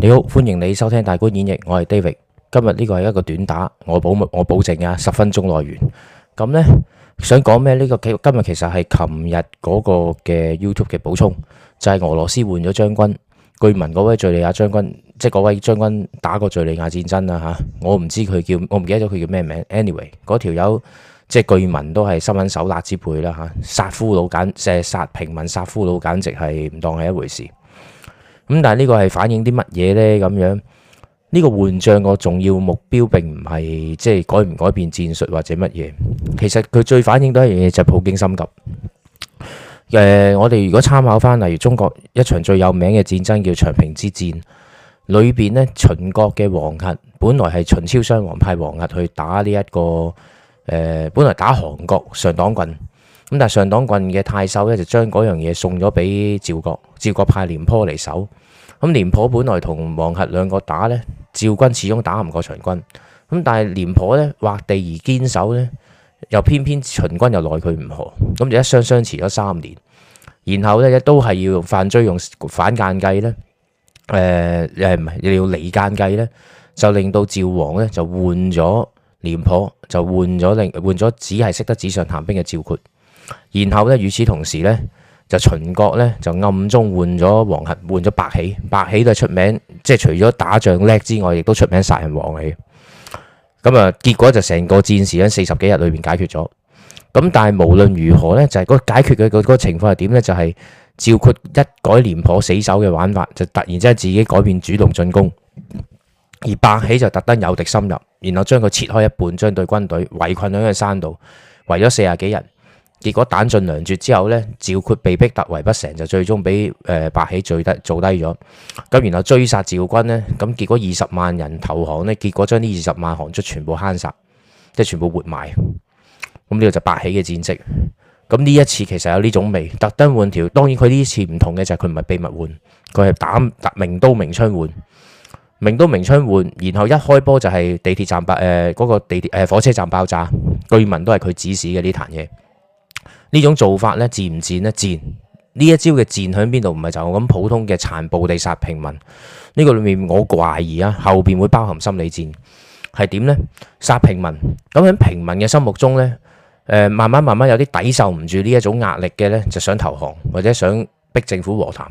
你好，歡迎你收聽大觀演繹，我係 David，今日呢個係一個短打，我保我保證啊，十分鐘內完。咁呢，想講咩？呢、這個今日其實係琴日嗰個嘅 YouTube 嘅補充，就係、是、俄羅斯換咗將軍，據聞嗰位敘利亞將軍，即係嗰位將軍打過敘利亞戰爭啦吓、啊，我唔知佢叫，我唔記得咗佢叫咩名。Anyway，嗰條友即係據聞都係心狠手辣之輩啦吓、啊，殺俘虜簡即係殺平民，殺俘虜簡直係唔當係一回事。咁但係呢個係反映啲乜嘢呢？咁樣呢、呢個換將個重要目標並唔係即係改唔改變戰術或者乜嘢，其實佢最反映到一樣嘢就係普京心急。誒、呃，我哋如果參考返例如中國一場最有名嘅戰爭叫長平之戰，裏邊呢秦國嘅王齕，本來係秦昭襄王派王齕去打呢、呢、一個誒、呃，本來打韓國上黨郡。咁但係上黨郡嘅太守咧，就將嗰樣嘢送咗俾趙國。趙國派廉頗嚟守。咁廉頗本來同王核兩個打咧，趙軍始終打唔過秦軍。咁但係廉頗咧，劃地而堅守咧，又偏偏秦軍又奈佢唔何，咁就一相相持咗三年。然後咧，亦都係要用犯罪、用反間計咧，誒誒唔係，要離間計咧，就令到趙王咧就換咗廉頗，就換咗另換咗只係識得紙上談兵嘅趙括。然後咧，與此同時咧，就秦國咧就暗中換咗王齕，換咗白起。白起都係出名，即係除咗打仗叻之外，亦都出名殺人王嚟嘅。咁、嗯、啊，結果就成個戰事，喺四十幾日裏邊解決咗。咁但係無論如何咧，就係、是、個解決嘅個情況係點咧？就係趙括一改廉頗死守嘅玩法，就突然之間自己改變主動進攻，而白起就特登誘敵深入，然後將佢切開一半，將對軍隊圍困喺個山度，圍咗四十幾日。結果彈盡糧絕之後呢，趙括被逼突圍不成，就最終俾誒白起做低做低咗。咁然後追殺趙軍呢，咁結果二十萬人投降呢，結果將呢二十萬韓卒全部慳殺，即係全部活埋。咁呢個就白起嘅戰績。咁呢一次其實有呢種味，特登換條。當然佢呢次唔同嘅就係佢唔係秘密換，佢係打明刀明槍換明刀明槍換。然後一開波就係地鐵站爆誒、呃那個地鐵誒火車站爆炸，據聞都係佢指使嘅呢壇嘢。呢種做法咧，戰唔戰咧？戰。呢一招嘅戰喺邊度？唔係就咁普通嘅殘暴地殺平民。呢、這個裏面我懷疑啊，後邊會包含心理戰，係點呢？殺平民。咁喺平民嘅心目中呢，誒、呃，慢慢慢慢有啲抵受唔住呢一種壓力嘅呢，就想投降或者想逼政府和談。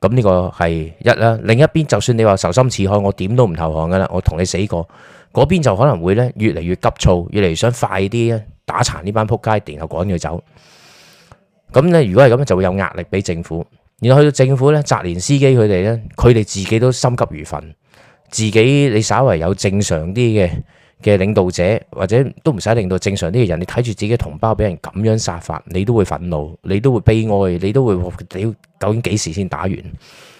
咁呢個係一啦。另一邊就算你話仇心似海，我點都唔投降噶啦，我同你死過。嗰邊就可能會呢，越嚟越急躁，越嚟越想快啲。打殘呢班撲街，然後趕佢走。咁呢，如果係咁咧，就會有壓力俾政府。然後去到政府呢，澤連司機佢哋呢，佢哋自己都心急如焚。自己你稍為有正常啲嘅嘅領導者，或者都唔使令到正常啲嘅人，你睇住自己同胞俾人咁樣殺法，你都會憤怒，你都會悲哀，你都會，你，都會，你究竟幾時先打完？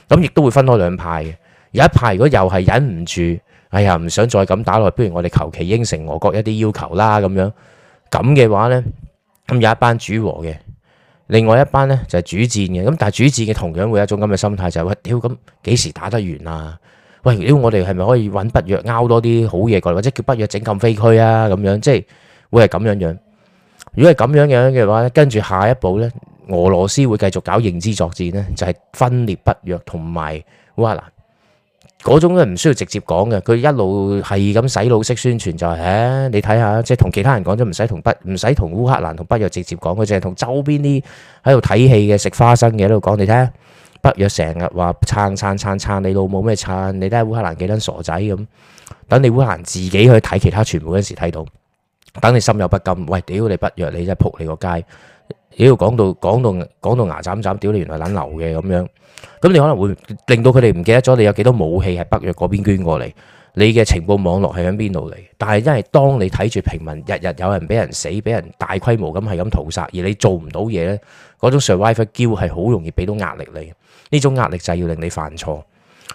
咁亦都會分開兩派嘅。有一派如果又係忍唔住，哎呀，唔想再咁打落去，不如我哋求其應承俄國一啲要求啦咁樣。咁嘅話呢，咁有一班主和嘅，另外一班呢就係主戰嘅。咁但係主戰嘅同樣會有一種咁嘅心態，就係、是、喂，屌咁幾時打得完啊？喂，屌我哋係咪可以揾北約勾多啲好嘢過嚟，或者叫北約整禁飛區啊？咁樣即係會係咁樣樣。如果係咁樣樣嘅話咧，跟住下一步呢，俄羅斯會繼續搞認知作戰呢就係、是、分裂北約同埋烏克蘭。嗰種咧，唔需要直接講嘅，佢一路係咁洗腦式宣傳就係、是，誒、啊，你睇下，即係同其他人講咗，唔使同北唔使同烏克蘭同北約直接講，佢淨係同周邊啲喺度睇戲嘅食花生嘅喺度講，你睇下北約成日話撐撐撐撐，你老母咩撐？你睇下烏克蘭幾撚傻仔咁，等你烏克蘭自己去睇其他傳媒嗰時睇到，等你心有不甘，喂，屌你，你北約，你真係仆你個街。要講到講到講到牙斬斬，屌你原來撚流嘅咁樣，咁你可能會令到佢哋唔記得咗你有幾多武器喺北約嗰邊捐過嚟，你嘅情報網絡係響邊度嚟？但係因為當你睇住平民日日有人俾人死，俾人大規模咁係咁屠殺，而你做唔到嘢咧，嗰種 survival guilt 係好容易俾到壓力你。呢種壓力就係要令你犯錯，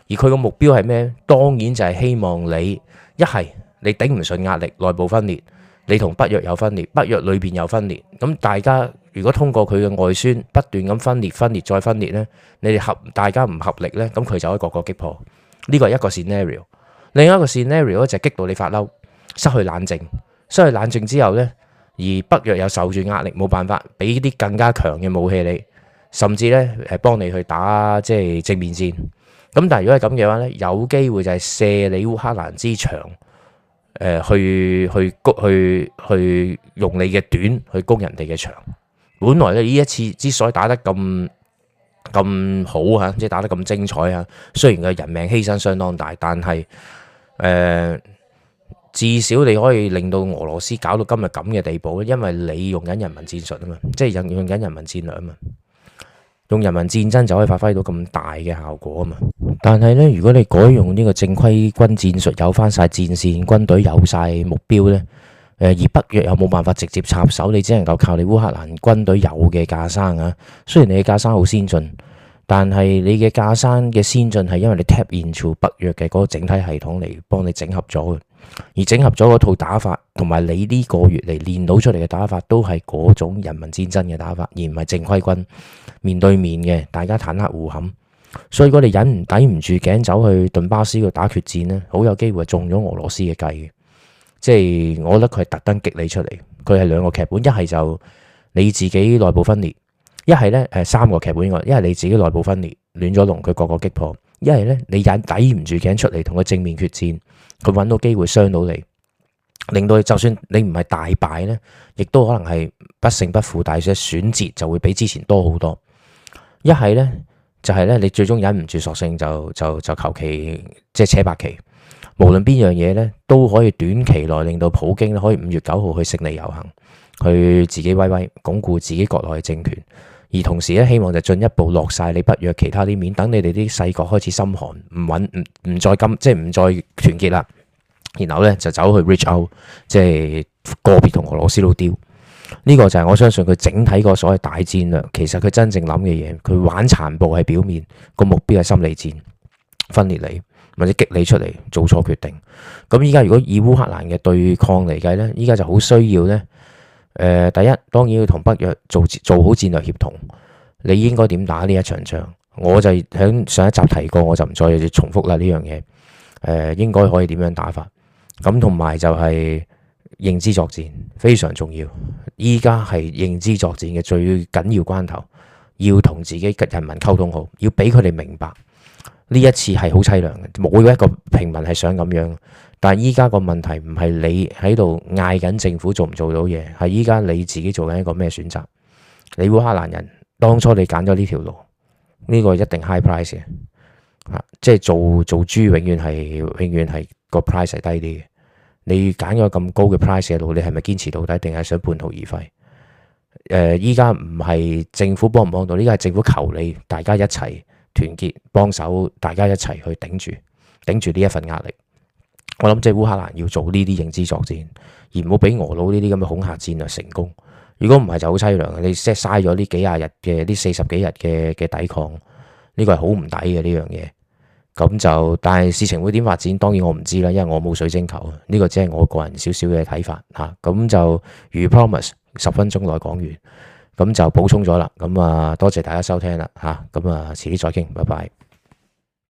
而佢個目標係咩？當然就係希望你一係你頂唔順壓力，內部分裂，你同北約有分裂，北約裏邊有分裂，咁大家。如果通過佢嘅外宣不斷咁分裂、分裂再分裂呢，你哋合大家唔合力呢，咁佢就可以個個擊破。呢個係一個 scenario。另一個 scenario 就係激到你發嬲，失去冷靜，失去冷靜之後呢，而北約又受住壓力冇辦法俾啲更加強嘅武器你，甚至呢，係幫你去打即係正面戰。咁但係如果係咁嘅話呢，有機會就係射你烏克蘭之長、呃，去去攻去去，去用你嘅短去攻人哋嘅長。本來咧，呢一次之所以打得咁咁好吓，即係打得咁精彩啊！雖然個人命犧牲相當大，但係誒至少你可以令到俄羅斯搞到今日咁嘅地步咧，因為你用緊人民戰術啊嘛，即係用用緊人民戰略啊嘛，用人民戰爭就可以發揮到咁大嘅效果啊嘛。但係咧，如果你改用呢個正規軍戰術，有翻曬戰線、軍隊有曬目標咧。而北約又冇辦法直接插手，你只能夠靠你烏克蘭軍隊有嘅架生啊！雖然你架生好先進，但係你嘅架生嘅先進係因為你 tap into 北約嘅嗰個整體系統嚟幫你整合咗嘅，而整合咗嗰套打法同埋你呢個月嚟練到出嚟嘅打法都係嗰種人民戰爭嘅打法，而唔係正規軍面對面嘅大家坦克互冚，所以我哋忍唔抵唔住頸走去頓巴斯度打決戰咧，好有機會中咗俄羅斯嘅計。即係我覺得佢係特登激你出嚟，佢係兩個劇本，一係就你自己內部分裂，一係咧誒三個劇本外，一係你自己內部分裂亂咗龍，佢個個擊破；一係咧你忍抵唔住頸出嚟同佢正面決戰，佢揾到機會傷到你，令到你就算你唔係大敗咧，亦都可能係不勝不負，但係咧損折就會比之前多好多。一係咧就係咧你最終忍唔住索性就就就求其即係扯白旗。無論邊樣嘢咧，都可以短期內令到普京可以五月九號去勝利遊行，去自己威威鞏固自己國內嘅政權，而同時咧希望就進一步落晒你不約其他啲面，等你哋啲細國開始心寒，唔穩唔唔再咁即係唔再團結啦，然後咧就走去 reach out，即係個別同俄羅斯都丟。呢個就係我相信佢整體個所謂大戰啦。其實佢真正諗嘅嘢，佢玩殘暴係表面，個目標係心理戰分裂你。或者激你出嚟做錯決定，咁依家如果以烏克蘭嘅對抗嚟計呢，依家就好需要呢。誒、呃，第一當然要同北約做做好戰略協同，你應該點打呢一場仗？我就響上一集提過，我就唔再重複啦呢樣嘢。誒、呃，應該可以點樣打法？咁同埋就係認知作戰非常重要，依家係認知作戰嘅最緊要關頭，要同自己人民溝通好，要俾佢哋明白。呢一次係好凄涼嘅，冇一個平民係想咁樣。但係依家個問題唔係你喺度嗌緊政府做唔做到嘢，係依家你自己做緊一個咩選擇？你烏克蘭人當初你揀咗呢條路，呢、這個一定 high price 嘅，嚇，即係做做豬永遠係永遠係個 price 係低啲嘅。你揀咗咁高嘅 price 嘅路，你係咪堅持到底，定係想半途而廢？誒、呃，依家唔係政府幫唔幫到，呢家係政府求你大家一齊。團結幫手，大家一齊去頂住，頂住呢一份壓力。我諗即係烏克蘭要做呢啲認知作戰，而唔好俾俄佬呢啲咁嘅恐嚇戰略成功。如果唔係，就好淒涼。你即係嘥咗呢幾廿日嘅呢四十幾日嘅嘅抵抗，呢個係好唔抵嘅呢樣嘢。咁就，但係事情會點發展，當然我唔知啦，因爲我冇水晶球。呢個只係我個人少少嘅睇法吓。咁就，如 promise 十分鐘內講完。咁就補充咗啦，咁啊多謝大家收聽啦吓，咁啊遲啲再傾，拜拜。